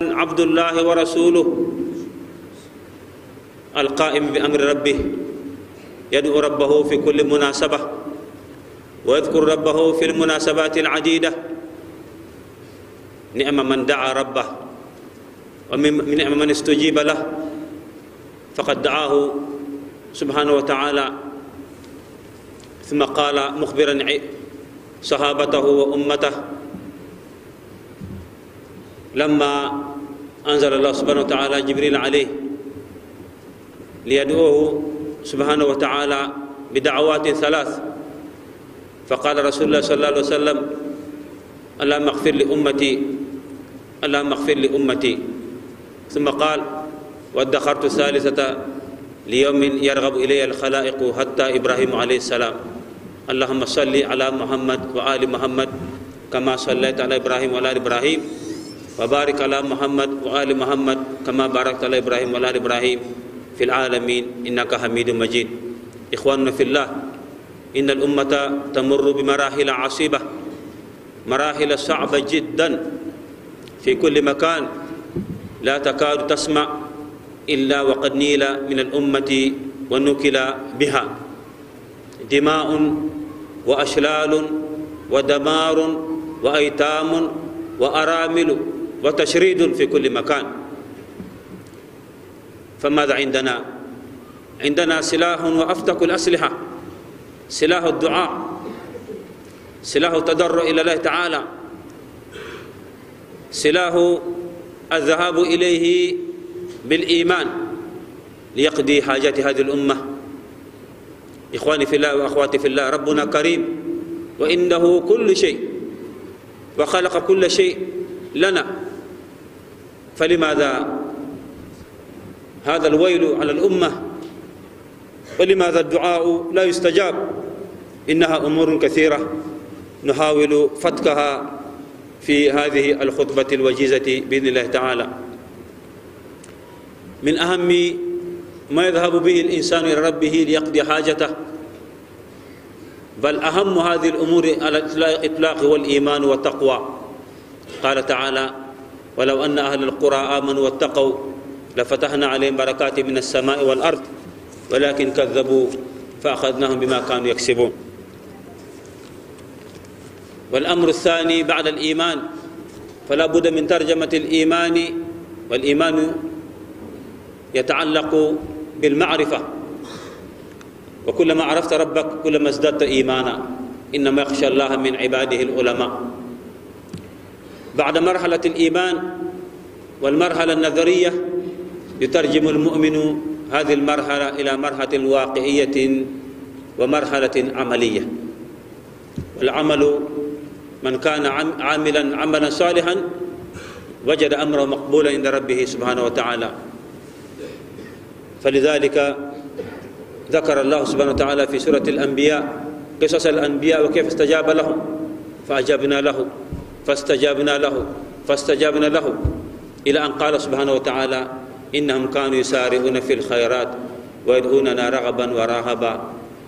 عبد الله ورسوله القائم بأمر ربه يدعو ربه في كل مناسبة ويذكر ربه في المناسبات العديدة نعم من دعا ربه ونعم من استجيب له فقد دعاه سبحانه وتعالى ثم قال مخبرا صحابته وأمته لما أنزل الله سبحانه وتعالى جبريل عليه ليدعوه سبحانه وتعالى بدعوات ثلاث فقال رسول الله صلى الله عليه وسلم اللهم اغفر لأمتي اللهم اغفر لأمتي ثم قال وادخرت الثالثة ليوم يرغب إلي الخلائق حتى إبراهيم عليه السلام اللهم صل على محمد وآل محمد كما صليت على إبراهيم وآل إبراهيم وبارك على محمد وآل محمد كما باركت على إبراهيم وآل إبراهيم في العالمين إنك حميد مجيد إخواننا في الله إن الأمة تمر بمراحل عصيبة مراحل صعبة جدا في كل مكان لا تكاد تسمع إلا وقد نيل من الأمة ونكل بها دماء وأشلال ودمار وأيتام وأرامل وتشريد في كل مكان فماذا عندنا عندنا سلاح وأفتك الأسلحة سلاح الدعاء سلاح التضرع إلى الله تعالى سلاح الذهاب إليه بالإيمان ليقضي حاجات هذه الأمة إخواني في الله وأخواتي في الله ربنا كريم وإنه كل شيء وخلق كل شيء لنا فلماذا هذا الويل على الأمة ولماذا الدعاء لا يستجاب إنها أمور كثيرة نحاول فتكها في هذه الخطبة الوجيزة بإذن الله تعالى من أهم ما يذهب به الإنسان إلى ربه ليقضي حاجته بل أهم هذه الأمور على الإطلاق والإيمان والتقوى قال تعالى ولو أن أهل القرى آمنوا واتقوا لفتحنا عليهم بركات من السماء والأرض ولكن كذبوا فأخذناهم بما كانوا يكسبون والأمر الثاني بعد الإيمان فلا بد من ترجمة الإيمان والإيمان يتعلق بالمعرفة وكلما عرفت ربك كلما ازددت إيمانا إنما يخشى الله من عباده العلماء بعد مرحلة الإيمان والمرحلة النظرية يترجم المؤمن هذه المرحلة إلى مرحلة واقعية ومرحلة عملية والعمل من كان عاملا عملا صالحا وجد أمره مقبولا عند ربه سبحانه وتعالى فلذلك ذكر الله سبحانه وتعالى في سورة الأنبياء قصص الأنبياء وكيف استجاب لهم فأجبنا له فاستجابنا له فاستجابنا له إلى أن قال سبحانه وتعالى إنهم كانوا يسارعون في الخيرات ويدعوننا رغبا ورهبا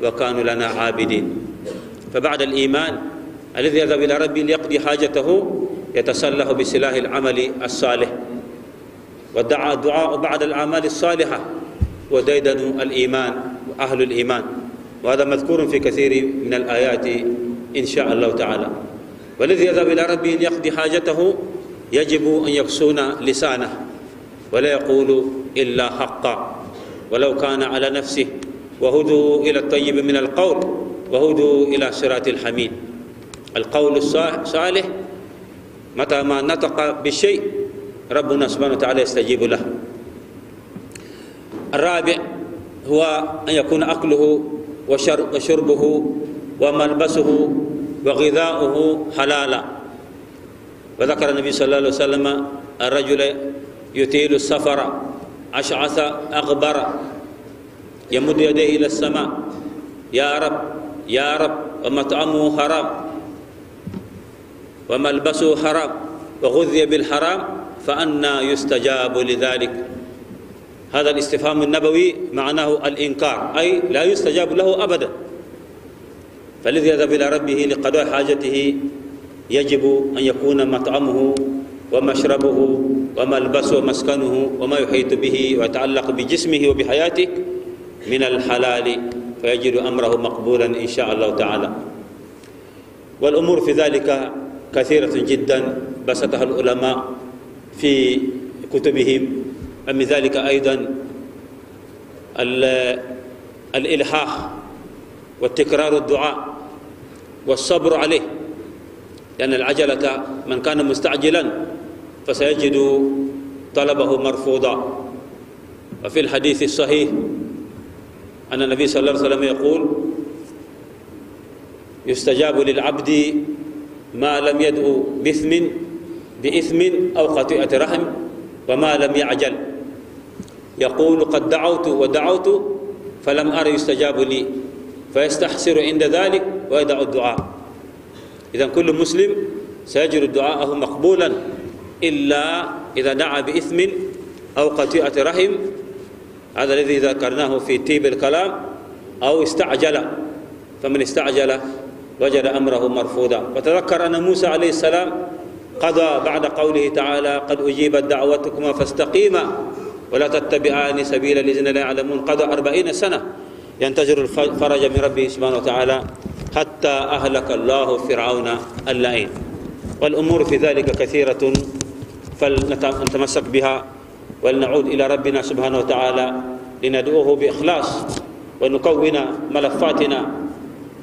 وكانوا لنا عابدين فبعد الإيمان الذي يذهب إلى ربه ليقضي حاجته يتسلح بسلاح العمل الصالح ودعا الدعاء بعد الأعمال الصالحة وديدن الإيمان وأهل الإيمان وهذا مذكور في كثير من الآيات إن شاء الله تعالى والذي يذهب إلى ربه أن يقضي حاجته يجب أن يكسون لسانه ولا يقول إلا حقا ولو كان على نفسه وهدوا إلى الطيب من القول وهدوا إلى صراط الحميد القول الصالح متى ما نطق بالشيء ربنا سبحانه وتعالى يستجيب له الرابع هو أن يكون أكله وشربه وملبسه وغذاؤه حلالا وذكر النبي صلى الله عليه وسلم الرجل يطيل السفر أشعث أغبر يمد يديه إلى السماء يا رب يا رب ومطعمه حرام وملبسه حرام وغذي بالحرام فأنا يستجاب لذلك هذا الاستفهام النبوي معناه الإنكار أي لا يستجاب له أبداً فالذي يذهب إلى ربه لقضاء حاجته يجب أن يكون مطعمه ومشربه وملبسه ومسكنه وما يحيط به ويتعلق بجسمه وبحياته من الحلال فيجد أمره مقبولا إن شاء الله تعالى والأمور في ذلك كثيرة جدا بسطها العلماء في كتبهم ومن ذلك أيضا الإلحاح والتكرار الدعاء والصبر عليه لأن العجلة من كان مستعجلا فسيجد طلبه مرفوضا وفي الحديث الصحيح أن النبي صلى الله عليه وسلم يقول يستجاب للعبد ما لم يدعو بإثم بإثم أو خطيئة رحم وما لم يعجل يقول قد دعوت ودعوت فلم أر يستجاب لي فيستحسر عند ذلك ويدع الدعاء إذا كل مسلم سيجد دعاءه مقبولا إلا إذا دعا بإثم أو قطيعة رحم هذا الذي ذكرناه في تيب الكلام أو استعجل فمن استعجل وجد أمره مرفوضا وتذكر أن موسى عليه السلام قضى بعد قوله تعالى قد أجيبت دعوتكما فاستقيما ولا تتبعان سبيل الذين لا يعلمون قضى أربعين سنة ينتظر الفرج من ربه سبحانه وتعالى حتى أهلك الله فرعون اللعين والأمور في ذلك كثيرة فلنتمسك بها ولنعود إلى ربنا سبحانه وتعالى لندعوه بإخلاص ونكون ملفاتنا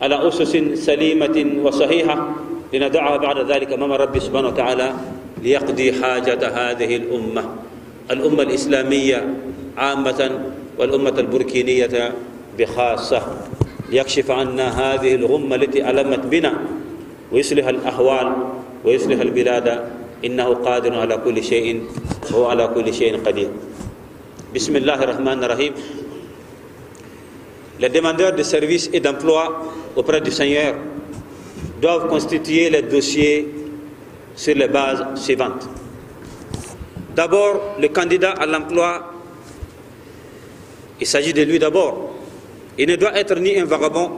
على أسس سليمة وصحيحة لندعها بعد ذلك أمام رب سبحانه وتعالى ليقضي حاجة هذه الأمة الأمة الإسلامية عامة والأمة البركينية بخاصة ليكشف عنا هذه الغمة التي ألمت بنا ويصلح الأحوال ويصلح البلاد إنه قادر على كل شيء هو على كل شيء قدير بسم الله الرحمن الرحيم Les demandeurs de services et d'emploi auprès du Seigneur doivent constituer les dossiers sur les bases suivantes. D'abord, le candidat à l'emploi, il s'agit de lui d'abord. Il ne doit être ni un vagabond,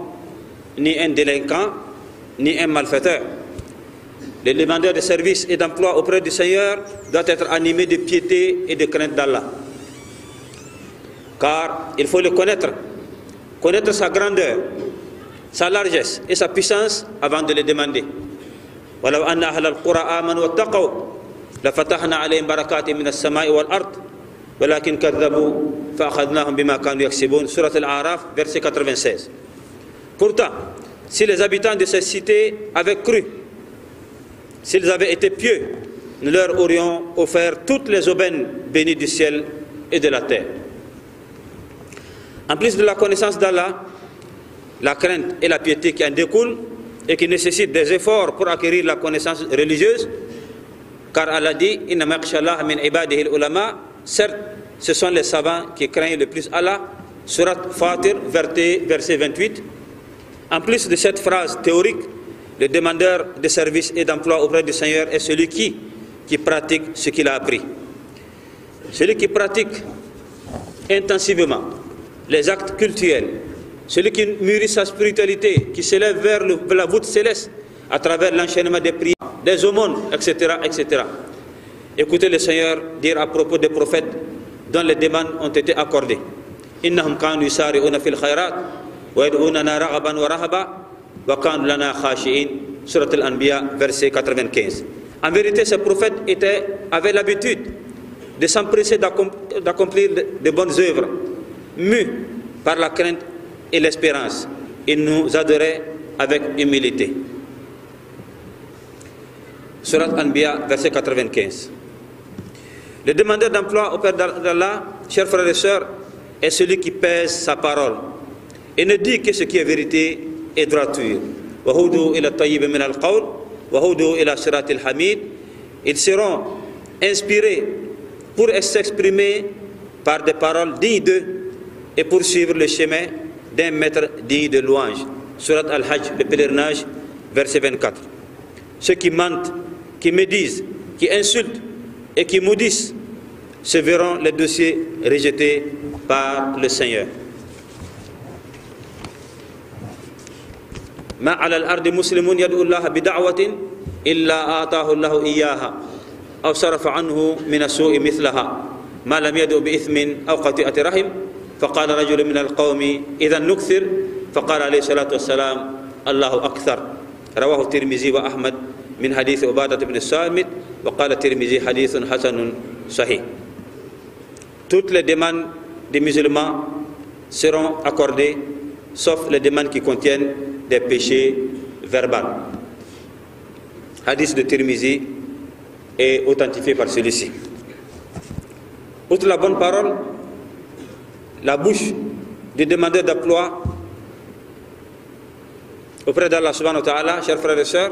ni un délinquant, ni un malfaiteur. Le demandeur de services et d'emploi auprès du Seigneur doit être animé de piété et de crainte d'Allah. Car il faut le connaître, connaître sa grandeur, sa largesse et sa puissance avant de le demander verset 96 Pourtant, si les habitants de ces cités avaient cru, s'ils avaient été pieux, nous leur aurions offert toutes les aubaines bénies du ciel et de la terre. En plus de la connaissance d'Allah, la crainte et la piété qui en découlent et qui nécessitent des efforts pour acquérir la connaissance religieuse, car Allah dit, « Inna min ibadihi ulama » Certes, ce sont les savants qui craignent le plus Allah, Surat Fatir, verset 28. En plus de cette phrase théorique, le demandeur de services et d'emploi auprès du Seigneur est celui qui, qui pratique ce qu'il a appris. Celui qui pratique intensivement les actes cultuels, celui qui mûrit sa spiritualité, qui s'élève vers, la voûte céleste à travers l'enchaînement des prières, des aumônes, etc., etc. Écoutez le Seigneur dire à propos des prophètes dont les demandes ont été accordées. khayrat wa wa rahaba, wa kanu lana khashi'in » Surat al-Anbiya, verset 95 En vérité, ces prophètes étaient, avaient l'habitude de s'empresser d'accomplir de bonnes œuvres, mus par la crainte et l'espérance. Ils nous adoraient avec humilité. Surat Anbiya, verset 95. Le demandeur d'emploi au Père d'Allah, chers frères et sœurs, est celui qui pèse sa parole et ne dit que ce qui est vérité et droiture. Ils seront inspirés pour s'exprimer par des paroles dignes d'eux et poursuivre le chemin d'un maître digne de louange. Surat Al-Hajj, le pèlerinage, verset 24. Ceux qui mentent, qui médisent, qui insultent, et qui maudissent se verront les dossiers rejetés par le Seigneur. ما على الأرض مسلم يدعو الله بدعوة إلا آتاه الله إياها أو صرف عنه من السوء مثلها ما لم يدعو بإثم أو قطيعة رحم فقال رجل من القوم إذا نكثر فقال عليه الصلاة والسلام الله أكثر رواه الترمذي وأحمد Toutes les demandes des musulmans seront accordées, sauf les demandes qui contiennent des péchés verbaux. Hadith de Tirmizi est authentifié par celui-ci. Outre la bonne parole, la bouche du demandeur d'emploi auprès d'Allah subhanahu wa ta'ala, chers frères et sœurs,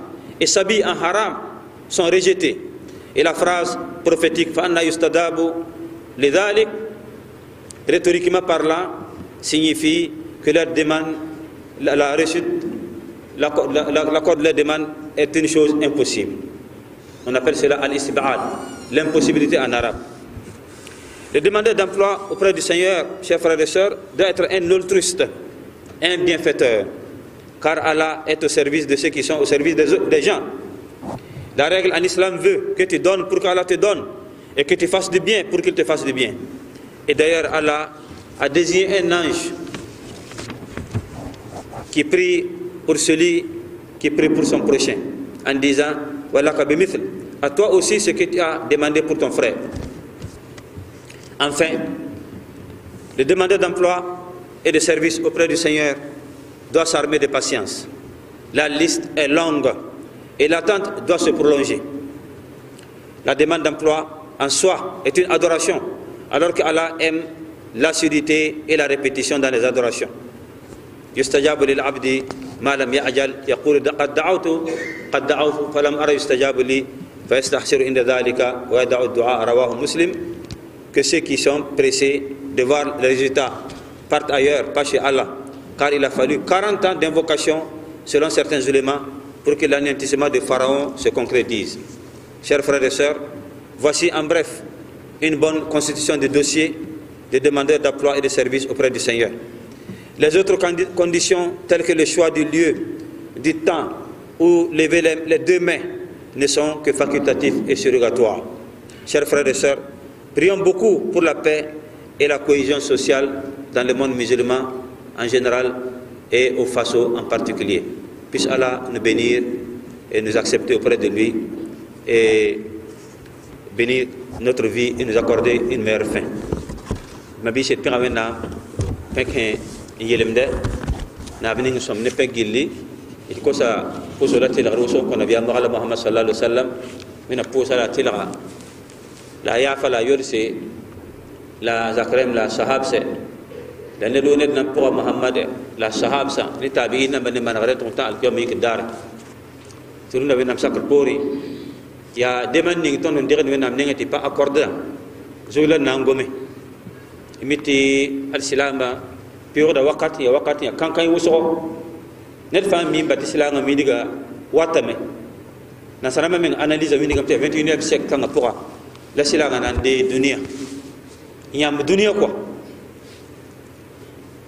et s'habillent en haram sont rejetés. Et la phrase prophétique, Fa'anna yustadabu rhétoriquement parlant, signifie que leur demande, la, la l'accord de la, de leur demande est une chose impossible. On appelle cela al-istiba'al, l'impossibilité en arabe. Le demandeur d'emploi auprès du Seigneur, chers frères et sœurs, doit être un altruiste, un bienfaiteur car Allah est au service de ceux qui sont au service des, gens. La règle en islam veut que tu donnes pour qu'Allah te donne et que tu fasses du bien pour qu'il te fasse du bien. Et d'ailleurs, Allah a désigné un ange qui prie pour celui qui prie pour son prochain en disant Voilà à toi aussi ce que tu as demandé pour ton frère. Enfin, le demandeur d'emploi et de service auprès du Seigneur doit s'armer de patience. La liste est longue et l'attente doit se prolonger. La demande d'emploi en soi est une adoration, alors que Allah aime l'assurité et la répétition dans les adorations. que ceux qui sont pressés de voir le résultat partent ailleurs, pas chez Allah car il a fallu 40 ans d'invocation, selon certains éléments, pour que l'anéantissement de Pharaon se concrétise. Chers frères et sœurs, voici en bref une bonne constitution de dossiers des demandeurs d'emploi et de services auprès du Seigneur. Les autres conditions, telles que le choix du lieu, du temps ou lever les deux mains, ne sont que facultatifs et surrogatoires. Chers frères et sœurs, prions beaucoup pour la paix et la cohésion sociale dans le monde musulman en général et au Faso en particulier. Puisse Allah nous bénir et nous accepter auprès de lui et bénir notre vie et nous accorder une meilleure fin. Mabi c'est pire avena pekin yelimde, na aveni nous sommes ne pegilli il ko sa poso la tela roso ko nabi Allah Muhammad sallallahu alaihi wasallam mina poso la tela la yafa la yorse la zakrem la sahab c'est لأن لو ندنا بقوة محمد لا صحاب سا نتابعين من من غير تونتا اليوم يك دار تقول نبي نمسك البوري يا دمن نيجتون ندير نبي نام نيجي تبا أكوردا زوجلا نانغومي imiti alsilam ba pure da wakati ya wakati ya kankan wuso net fam min ba tislam min diga watame eh. na sarama min analyse min diga 21e siècle kan apura la silanga nan de dunia nyam dunia kwa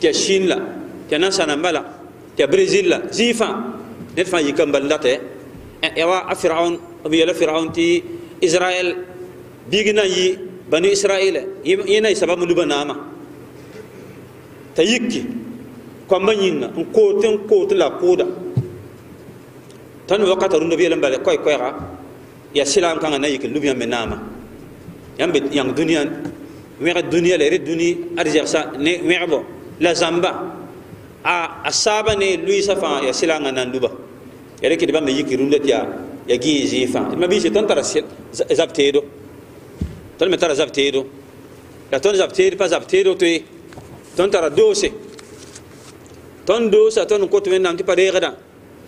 tɩ shin la tɩ nansãnãmbã la tɩ brésil la zĩig fãa ned fãa yik n bal datɛ ya wa a firaun b yɛla firaun tɩ israɛl biig na n yɩ bani israɩlɛ yẽ na y sabab nuba naama t'a yiki koamba yĩnga n koot n koot la kʋʋda tõnd wakata rũndã b yel n bala koɛkoɛɛga yaa sɩlaam kãngã na yik lub yãmb naama yãmb yãng dũniyã wẽg dũniyã la rẽ dũni a zɛgsa ne wẽgbɔ la zamba a asaba ne luisa fa ya silanga nan duba yare ke ba me yikirun da ya ya gi zifa ma bi shi ton tara zabtedo ton me tara zabtedo la ton zabtedo pa zabtedo to ton tara dose ton dose ton ko to men nam ti pare gada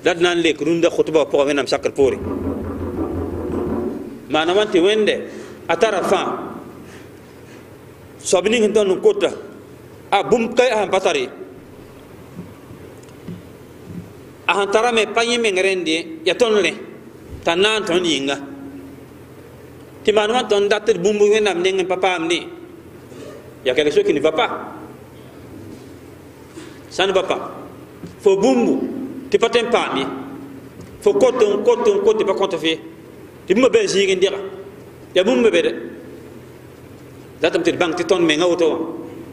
dad nan le kurunda khutba po men nam sakar pore manamante wende atara fa sobni hinton kota a ah, bum kai ahan pasari ahan tara me panye me ngerendi ya ton le tanan ton yinga timan wan ton datir bumbu wenam nengen papa amni ya quelque chose qui papa. va papa, fo bumbu ti patem pami fo koton koton koton pa konta ti mo ben jigi ya bumbe be de datam ti bank ti ton me ngawoto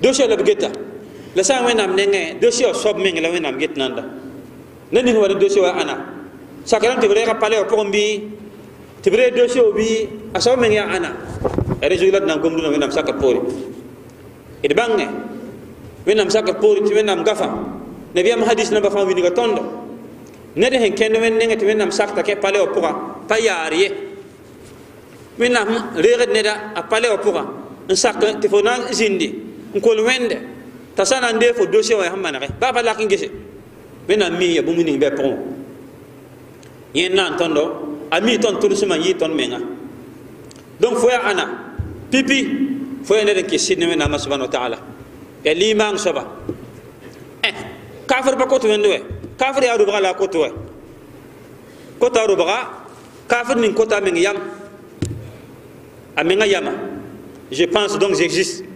dosiya lab geta la sã wẽnnaam nengẽ dosiya sob menge la wẽnnaam get nanda ne nins wa ne dosiya wa ãna sakrãng tɩ b reegã pa lɛoog pʋgẽ bɩ tɩ b ree dosiya wa bɩ a sob meng yaa ãna e rezg la d nan gomdu na wẽnnaam sakr poore d bãngẽ wẽnnaam sakr poore tɩ wẽnnaam gafã nabiyam hadis namba fãa winga tõndo ned sẽn kẽnd wẽnd nengẽ tɩ wẽnnaam sakta kẽ pa lɛoog pʋga pa yaar ye wẽnnaam reegd neda a pa lɛoog pʋga n sak tɩ fo na zĩndi nkol wẽnde t'a sana na fo dosie wã sẽn manege baa pa ami n gese wẽnnaam miisya bũmb ning bɩ menga donc fo ya ana pipi fo ya ned ke kɩs sɩd ne wẽnnaamã subhanahu wa taala yaa limaang eh, kafr pas kot wẽnd wɛ kafr yaa rʋbga la a kot ro ni yam yama je pense donc j'existe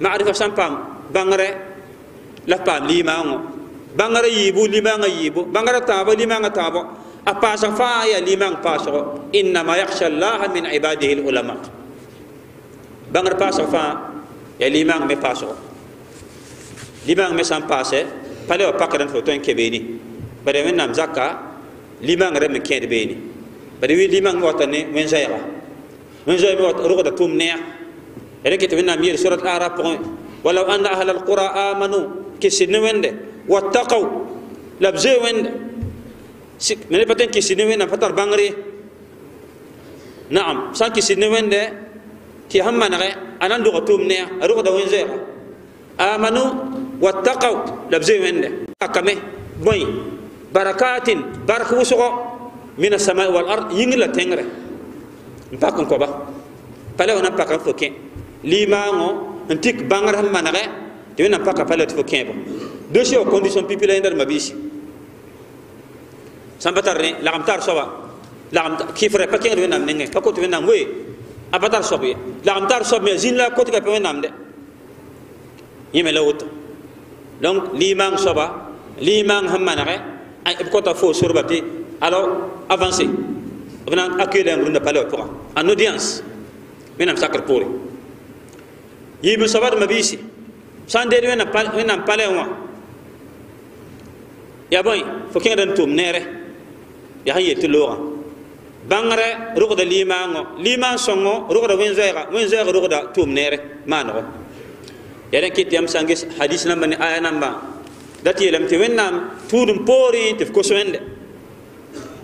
معرفة سان بام بانغري لا بام ليمانو بانغري يبو ليمان يبو بانغري تابو ليمان تابو أباش فايا ليمان باشو إنما يخشى الله من عباده العلماء بانغري باشو فا يا ليمان مي باشو ليمان مي سان باسه بالي وباكرن فوتون كبيني بدي من نام زكا ليمان رم كيد بيني بدي وي ليمان واتني وين زيغا وين زيغا وات توم نير ركت منا مير سورة الأعراف ولو أن أهل القرى آمنوا كسن وند واتقوا لبزي وند من بتن كسن وند فتر بانغري نعم سان كسن وند تي هم نغي أنا ندو غتوم نيا أروق دوين زيرا آمنوا واتقوا لبزي وند أكمه بوي بركات بركة وسقو من السماء والأرض ينجل تنغري نبقى كوبا فلا ونبقى فوكين limaango n tɩk bãngr sẽn manegɛ n'a pas capable le De la tɩ fo conditions dosie la condition sans la yẽndadma biisi la pa tar ne qu'il y ait lagem kɩfrɛ pas kẽngd wẽnnaam nengẽ pa tu wẽnnaam wee a mais la la a kotga me la donc limaang ah, Et fo alors avancer. accueillir un la de en audience sacré sakr yibu sabar mabisi sande wena pal wena pale wa ya boy fokin dan tum nere ya haye tilora bangre rugda limango liman songo rugda wenzoira wenzoira rugda tum nere manro ya den kit yam sangis hadis namba ni aya namba dati yelam ti wennam tudum pori te ko swende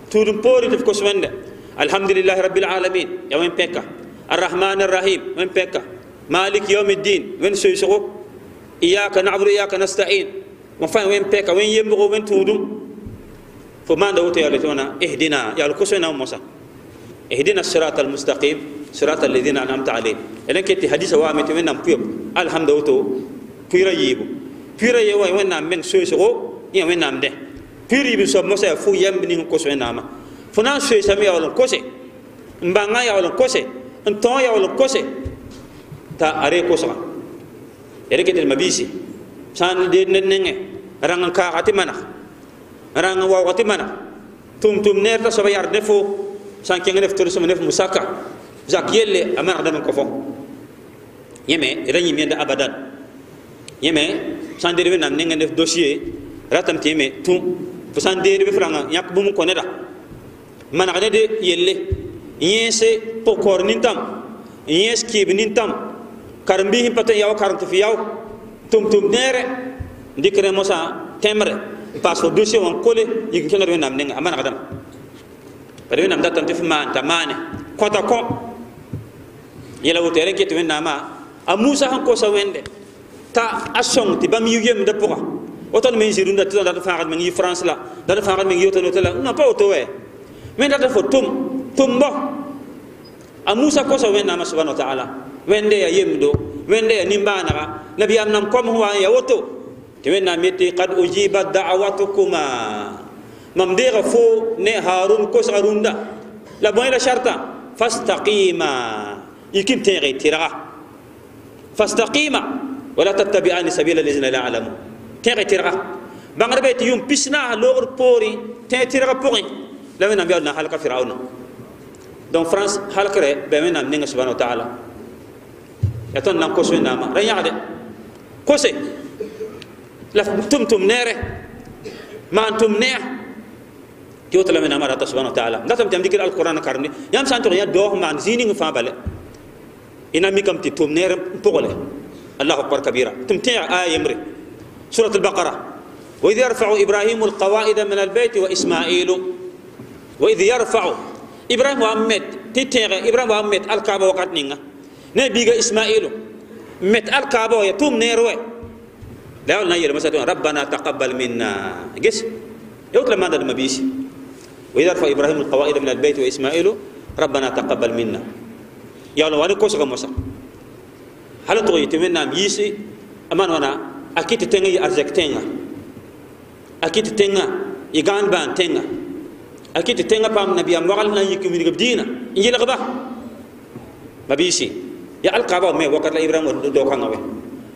tudum pori te ko swende alhamdulillah rabbil alamin ya wen pekka arrahman arrahim wen pekka مالك يوم الدين وين سيسوق إياك نعبد إياك نستعين وفان وين بيكا وين يمغو وين تودم فما دوت يا لتونا اهدنا يا لكوسنا نعم موسى اهدنا الصراط المستقيم صراط الذين أنعمت عليهم إذن كنت حديث وامت وين نام بيوب الحمد لله بيرا يبو بيرا يبو وين نام من سيسوق يا وين نام ده بيرا يبو سب موسى فو يم يمبني كوسنا نام فنان سيسامي يا ولن لكوسي مبانا يا ولن لكوسي انتون يا ولن لكوسي ta are kosaga ere mabisi san de nennenge ranga ka gati mana ranga wa mana tum tum ner ta soba yar defo san kenga def tor so musaka zak yelle amana ko fo yeme rani nyi abadat. abadan yeme san de be ne nenga def dossier ratam teme tum fo san de be franga yak bum ko neda mana de yelle yese pokor nintam yes karan bihim paten yaw karan tufi yaw tum tum nere ndikre mosa temre parce que dossier won kole yik kenga do nam nenga amana kadam pare nam datam tufi man tamane kota ko yela wotere ke tufi nama a musa han ko sa wende ta asong ti bam yugem de pourra otan men jirunda tan da fa men yi france la da fa men yi otan otan non pas oto we men da fo tum tumbo a musa ko sa wende nama subhanahu wa ta'ala wende ya yemdo wende ya nimbana nabi amnam kom huwa ya woto te wenna meti qad ujiba da'watukuma mamdira fo ne harun ko sarunda la boy la sharta fastaqima yikim tere tiraga fastaqima wala tattabi'ani sabila allazina la alamu tere tiraga bangar beti yum pisna lor pori tere tiraga pori la wenna biya na halka fir'auna donc france halkare be wenna ninga subhanahu wa ta'ala ya ton nan koso nama ran yaade kose la tum tum nere ma tum ne tiyo tala men ta subhanahu wa ta'ala ndatam tam dikir alquran karni yam santo ya do ma zini ngi fa bale ina mi kam ti tum nere pogole الله اكبر كبيرا تمتع ايه امري سوره البقره واذ يرفع ابراهيم القواعد من البيت واسماعيل واذ يرفع ابراهيم وامت تتيغ ابراهيم وامت الكعبه وقت نينغا نبيك إسماعيل مت الكابو al kabo ya tum ne roe لا ولنا يلا مثلا ربنا تقبل منا جس يقول لما هذا المبيسي وإذا رفع إبراهيم القواعد من البيت وإسماعيل ربنا تقبل منا يا الله وانا كوسك موسى هل تقول يتمنى ميسي نعم أما أنا أكيد تنجي أرزك تنجا أكيد تنجا يغان بان تنجا أكيد تنجا بام نبي أموال لنا يكمل بدينا إنجيل غبا مبيسي ya alkaba me wakat la ibrahim do kan we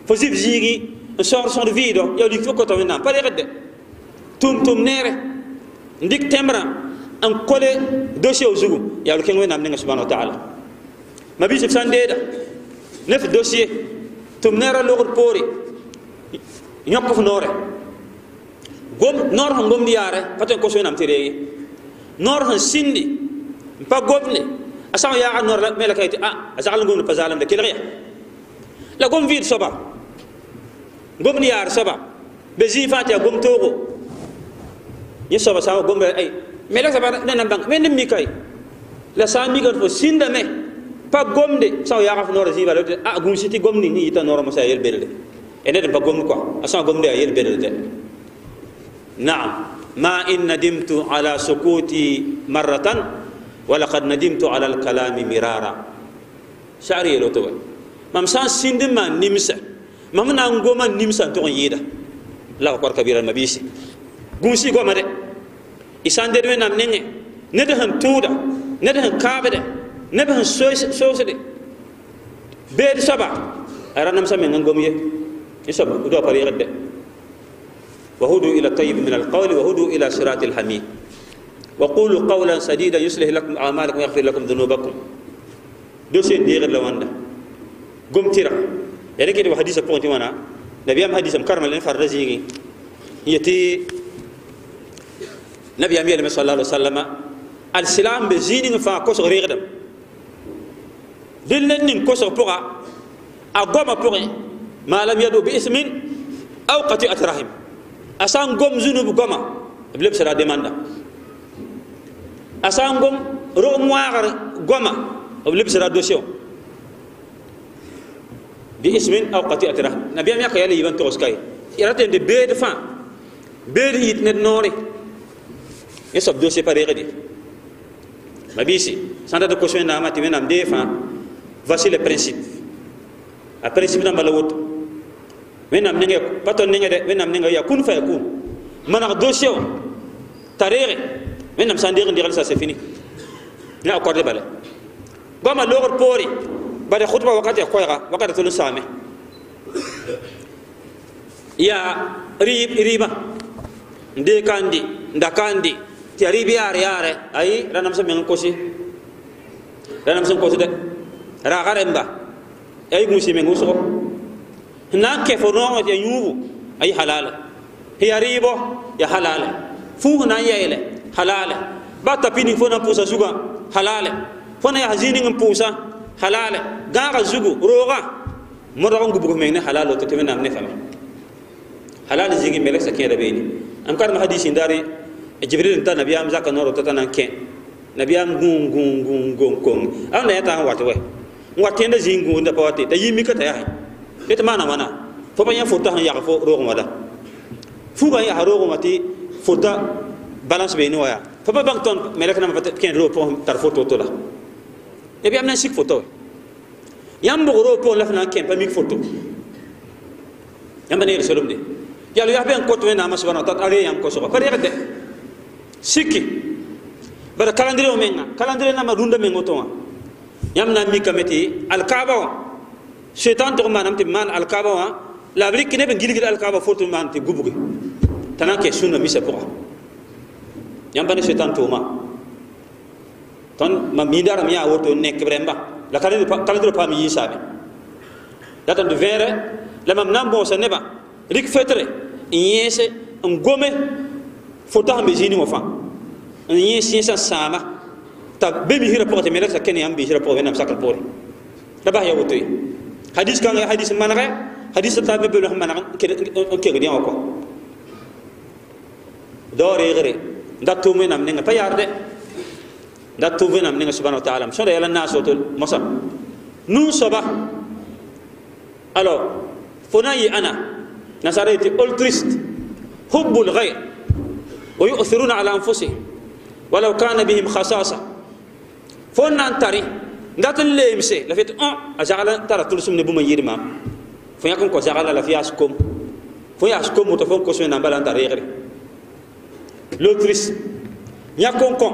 fo sib jigi sor son video ya dik foko to na pare gade tum tum nere ndik temra an kole dossier o zugu ya lu kenwe namne subhanahu wa ta'ala mabi sib sandeda nef dossier tum nera logor pori nyokof nore gom nor han gom diare paten ko so nam tirege nor han sindi pa gomne أسمع يا عنور ملك أيتي أ أزعلن قوم فزعلن ذكي لغيه لا آه، قوم فيد سبا قوم نيار سبا بزيفات يا قوم توغو يسوا سبا قوم أي ملك سبا نن بنك من ميكاي لا سامي قد فسين دمه با قوم دي سوا يا عف نور زيفا لو أ آه، قوم سيتي قوم ني ني يتنور مسائل بيرد إنهم با قوم كوا أسمع قوم دي أيل بيرد نعم ما إن ندمت على سكوتي مرة ولقد ندمت على الكلام مرارا شعري لو تو مام سان سندما نيمسا مام نانغوما نيمسا تو ييدا لا قر كبير المبيسي غوسي غوما دي إسان دي من نام نيني ندهن تودا ندهن هن كابدا نده هن سوس سوس دي بيد سبا ارانا نمسا من نانغوم يه يسبا دو فريق دي وهدوا إلى الطيب من القول وهدوا إلى صراط الحميد وقولوا قولا سديدا يصلح لكم اعمالكم ويغفر لكم ذنوبكم دوسي دير لواندا قم ترى يعني كده حديث بونتي وانا نبي ام حديث مكرم لين فرزي يتي نبي ام يلم صلى الله عليه وسلم السلام بزيد فا كوس ريغدم دين نين كوس بوغا اغوما بوغي ما لم يدو باسم او قطيعه رحم اسان غوم زنوب غوما بلبس را ديماندا asangum gom ro ngwagar goma libsira dosio bi ismin aw qati'at rahm nabiya mi akayali yiban to skay irate de bed be bed yit net nore e sob dossier pare gadi mabisi sanda de question na mati menam de fa voici le principe a principe na balawot menam ninge paton ninge de menam ninge ya kun fa yakun manak dossier tarere wẽnnaam sã n deeg n degl sase fini na a kõrd bala goama loogr poore bara khutba wakat ya koɛɛga wakat a tol n saame yaa rɩɩb rɩɩbã n dee ka n dɩ n da ka n dɩ tɩ ya rɩɩb yaare yaare ayi rãnam sẽn meng n kose rãnam sẽn kosdɛ raaga rẽmba ayi gũusi meng wʋsgo n na n kɛf noogẽ tɩ ya yũubu ayi halaala tɩ ya rɩɩbɔ ya halaala fũus na n yɛɛlɛ halale ba tapini fo na pusa zuga halale fo na hazini ngam pusa halale gara zugu roga modogo ngubugo mengne halalo to temen amne fami halale zigi melek sakya da beni am karma hadisi ndari e jibril ta nabiya am zaka noro to tanan ken nabiyam gun gun gun gon kon an da yata wato we watte nda zingu nda pawate da yimi kata ya ita mana mana fo banya fo ta han ya fo roga mada fu ga ya roga mati fo ta balance be noya papa bang ton melek na mabata ken ro pon tar photo to la e bi amna sik photo yam bo ro pon la fna ken pa mik photo yam ba ne resolum de hein. ya lu ya ben ko to na ma subhanahu ta ale yam ko so pa de sikki bara calendrier o menga calendrier na ma runda men goto wa yam na mi kameti al kaaba wa shaitan to manam ti man al kaaba wa hein. la brik kine ben gilgil al kaaba photo man ti gubugi tanake sunna misa pour hein. yamba ne shetan tuma ton ma mi daram ya woto ne kebremba la kala kala do pa mi yisabe la tan do vere la mam nambo sa neba rik fetre yese ngome fota be jini mo fa yese yesa sama ta be mi hira porte mera sa ken yam bi hira porte nam sakal pore la ba ya woto hadis kan hadis manare hadis ta be be manare ke ke ko dore gre da tume nam ninga pa yarde da tume nam ninga subhanahu wa ta'ala so da yalan naso to mosa nun soba alors funayi ana nasarati altruist hubbul ghayr wa yu'thiruna ala anfusihim walau kana bihim khasasa fonna antari ndatin lemse la fet on a jagala tara tulsum ne buma yirma fo yakon ko jagala la fias kom fo yas kom to fo ko so na balanta regre l'autrice nya konkon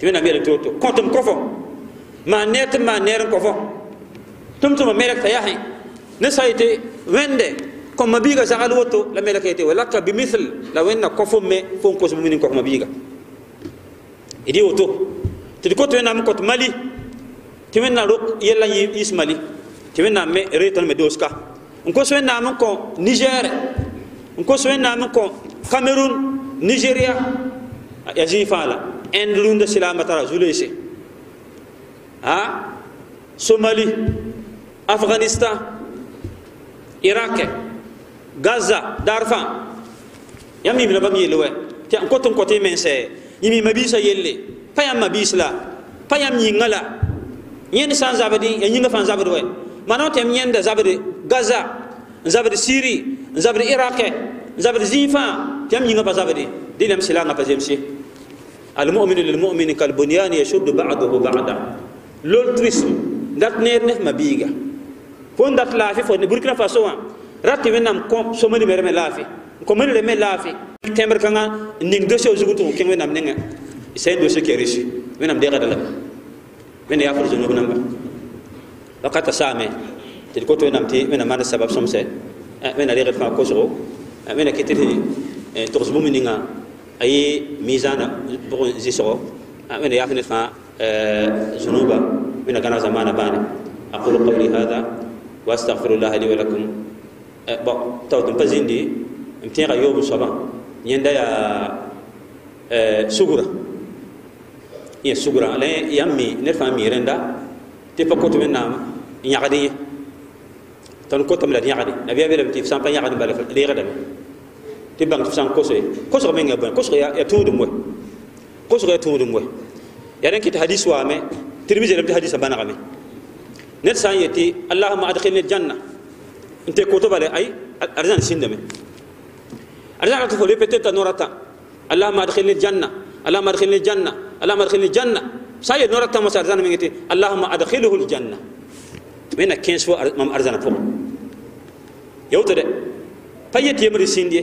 tɩ wẽnnaam yeele tooto kõ tɩm kofo maa neer tɩ maa neer n kofo tʋm tɩ ma melk t'a yasẽ ne sã yetɩ wẽnde kõm ma biiga zagl woto la melk yetɩ walaka bimithl la wẽnna kofo me fo n kos bũmb nin kos ma biiga d ye woto tɩ d kot wẽnnaam n kot mali tɩ wẽnna rok yɛlla n yis mali tɩ wẽnnaam me retn me dooska n kos wẽnnaam n kõ nigɛr n kos wẽnnaam n kõ cameroun nigeria ya and endlunda silamatara zulese ha ah, somali afghanistan iraq gaza darfan yamimina bamiyelewe ti nkotun kote mense yimi mabisa yelle payam mabisla payam yingala yẽnd San Zabadi, zabdi ya yĩngã zabadi gaza n Syrie, siri n zabd Zifa. zifa تم ينغا بزابدي دي لم سلا سلانغا بزيمسي المؤمن للمؤمن كالبنيان يشد بعضه بعضا لول تريسم دات نير نف مبيغا فون دات لافي فون بوركينا فاسو راتي وينام كوم سومني ميرمي لافي كومني رمي لافي تمبر كان نين دو دوسيو زغوتو كين وينام نين سين دو كي كيريشي وينام دي غدلا وين يافر زنوب نمبا وقت تسامي تلكوتو وينام تي وينام انا سبب سومسي وين اريغ فا كوزرو وين كيتي Eh, togs bũmb ninga a yɩ miisãana bʋg n zɩsgo wẽnna ah, yaa ne eh, fãa zunuba wẽnna gãna zamaana bãane aqulu qawli hada واستغفر الله لي ولكم با تو تم بزندي متيغا يوب صبا يندا يا سغورا يا سغورا لا يامي نفا ميرندا تيفا كوت من نام يغدي تن من يغدي نبي ابي لم تيف سامبا يغدي بالك tɩ bãng tɩ f sã n kose kosg meng yaa bõe kosg ya tʋʋdum we kosg ya tʋʋdum we yaa dẽn kɩ tɩ hadis waame tirmisi rem tɩ hadisã bãnegame ned sã n yetɩ allahuma adkilni ljanna n te koto bale ay arzãn sĩndame arzãn ratɩ fo repeteta norata allahuma adkilni ljanna allahuma adkilni ljanna allahuma adkilni ljanna sã n yet norata mos arzãn meng tɩ allahuma adkilhu ljanna wẽnna kẽes fo mam arzãnã pʋgẽ yewtɩ dɛ pa yet yembre sĩnd ye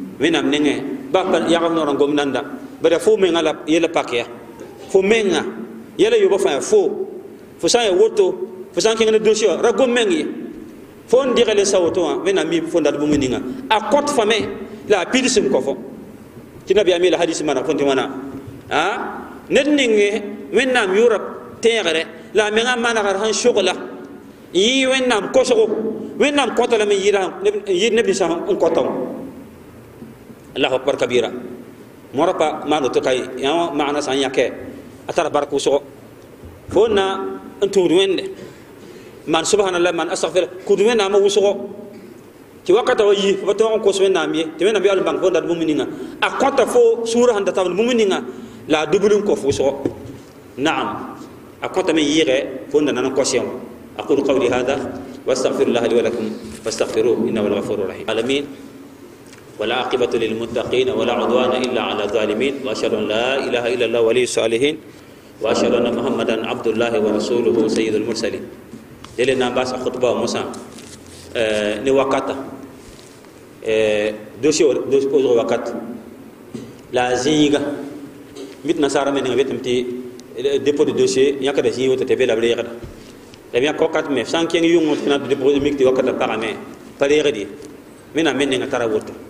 winam nenge bapa yagam noran nanda bada fo menga la yela pakya fo menga yela yoba fa fo fo sa ya woto fo sa kinga dossier ra gom mengi fo ndire le sawto winam mi fo ndat bungi mininga a kot fa me la pidisim ko fo tinabi amila hadisi mana fonti mana ha ned ninge winam europe tere la menga mana har han shugla yi winam kosoko winam kotala men yira yid nabi sa on kotam الله أكبر كبيرا مربا ما نتقي يا معنا سانياك سانيا كي أترى بارك وسوا فونا أنتو دوين من سبحان الله من أستغفر كدوين أما وسو تي وقت وي فتو فتوان كوسوين نامي تي من أبي البنك فونا المؤمنين أقوت فو سورة عند تام المؤمنين لا دبلون كوف وسوا نعم أقوت من يغى فون نان كوسيون أقول قولي هذا واستغفر الله لي ولكم فاستغفروه إنه الغفور الرحيم العالمين ولا عاقبة للمتقين ولا عدوان إلا على الظالمين وأشهد أن لا إله إلا الله ولي الصالحين وأشهد أن محمدا عبد الله ورسوله سيد المرسلين دليل نباس خطبة موسى نوقتا دوشي دوشي أوزغ وقت لا زيغا ميت نصارى من نغبت متي ديبو دو دوشي يكاد زيغو تتبه لابريغا لم يكن كوكات مي سانكين يوم متنا ديبو ميك دي وقت بارامي فريغدي من أمين نغتارا وطو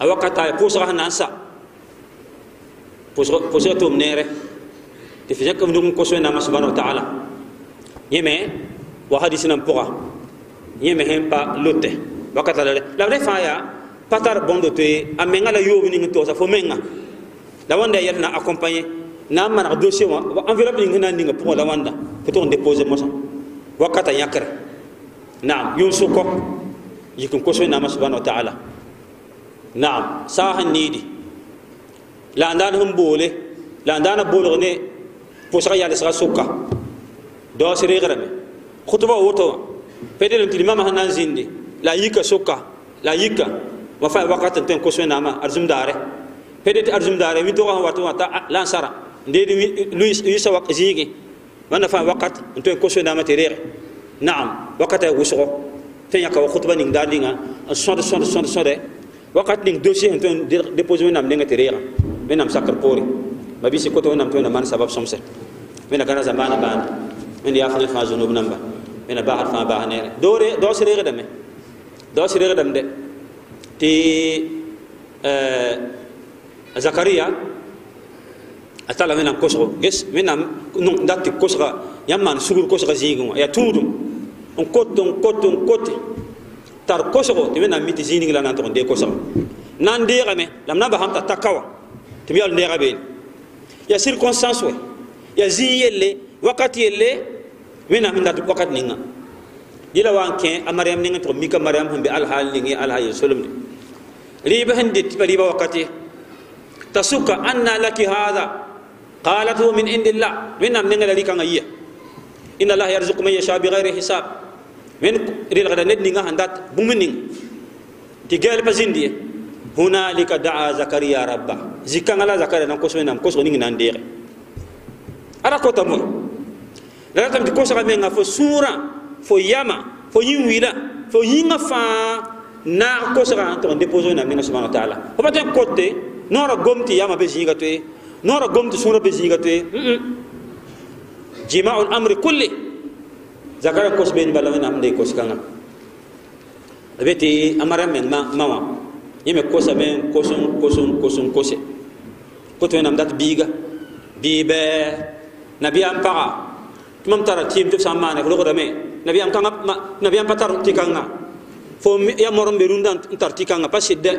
a wakata pʋʋsga sẽn na n sa pʋʋsga tʋʋm neere tɩ fɩ zãk b nug n kos wẽnnaamã subhana wa taala yẽ me wa hadis nan pʋga yẽ me sẽn pa lote wakata la la b rẽ fãa yaa pa tar bõndo tɩ a menga la yoob ning n tosa fo menga la wãnda yɛl na accompagné na n maneg dossier wã enveloppe ning sẽn na n ninga pʋgã la wãnda tɩ tʋg n dépose mosã wakata yãkre naam yʋʋm sʋkɔ yik n kos wẽnnaamã subhana wa taala نعم ساها نيدي لا عندنا هم بولي لا عندنا بولغني بوسرا يا لسرا سوكا دو سري غرمي خطبه وتو بدل تلما ما هنان زيندي لا يكا سوكا لا يكا وفا وقت تن كوسو ناما ارزم داره بدل ارزم داره وي تو واتو واتا لا سرا ندي لويس يسا وق زيغي وانا فا وقت انتو كوسو ناما تريغ نعم وقت وسو تن يكا خطبه نين دارينا صد صد صد صد, wakat ning dossier hin ton déposer wenam nenga terega wenam sakar pore mabisi koto wenam to man sabab somse wena kana zamana ban men ya khane fa zunub namba wena ba fa ba ne dore do sere gadame do sere gadam de ti eh zakaria atala wena kosro yes wena non datti kosra yamman sugur kosra zigun ya tudum on koton koton koton tar kosogo tɩ wẽnnaam mi tɩ zĩig ning la na n tʋg n dee kosga na n deegame la m na n basam t'a taka wa tɩ m yaol neega beene yaa circonstance we yaa zĩig yelle wakat yelle wẽnnaam sẽn dat wakat ninga yela wa n kẽ a mariyam ning tʋg mika mariyam sẽn be alhaal ning alhaa yel-solemde rɩɩb sẽn dɩt tɩ pa rɩɩba wakate t'a sʋka anna laki hada qalat hu min indillah wẽnnaam ninga la rɩkãngã yia inna allah yarzuku man yasha bigayre hisab wen rilgda ned ninga handat bũmb ninga tɩ gɛɛl pa zĩndye hunalika daa zakariya rabba zikãngã la zakariya nan kos wẽnnaam kosg ning nan deege ada kota bõe la ratame tɩ kosga menga fo sũurã fo yama fo yĩn-wila fo yĩngã fãa naag kosga n tog n depos wẽnnaam ninga subhana wa taala fo pa tõe n kot te noora gom tɩ yama be zĩiga toe noora gom tɩ sũurã be zĩiga toe jima'u l amri kulle zakara kos ben bala wẽnnaam de kos kãngã b tɩ a mara meng ma wã yẽ me kosame n kos n kos n kos n kose koto wẽnnaam dat biiga biibɛ nabiyaam paga tɩ mam tara tɩɩm tɩ b sã n maanek rogdame nabiyaam kãngã nabiyaam pa tar tɩ-kãngã fo ya mor n be rũndã n tar tɩ-kãngã pa sɩddɛ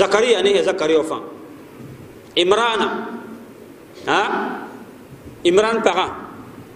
zakariya ne ya zakariya fãa imrana imran paga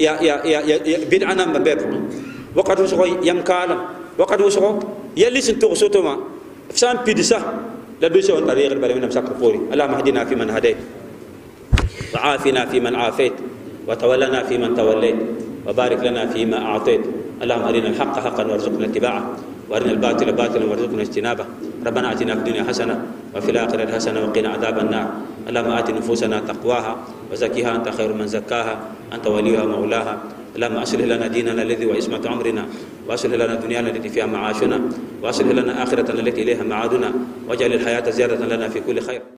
يا يا يا يا بدعة نام بيب وقد وشغو يمكال وقد وشغو يلي سنتو سوتوما فسان بيدسا لا دوشو ان طريق البلد من مساك فوري اللهم اهدنا في من هديت وعافنا في من عافيت وتولنا في من توليت وبارك لنا فيما اعطيت اللهم ارنا الحق حقا وارزقنا اتباعه وارنا الباطل باطلا وارزقنا اجتنابه ربنا اتنا في الدنيا حسنه وفي الاخره حسنه وقنا عذاب النار اللهم ات نفوسنا تقواها وزكها انت خير من زكاها انت وليها ومولاها اللهم اصلح لنا ديننا الذي وعصمه عمرنا واصلح لنا دنيانا التي فيها معاشنا واصلح لنا اخرتنا التي اليها معادنا واجعل الحياه زياده لنا في كل خير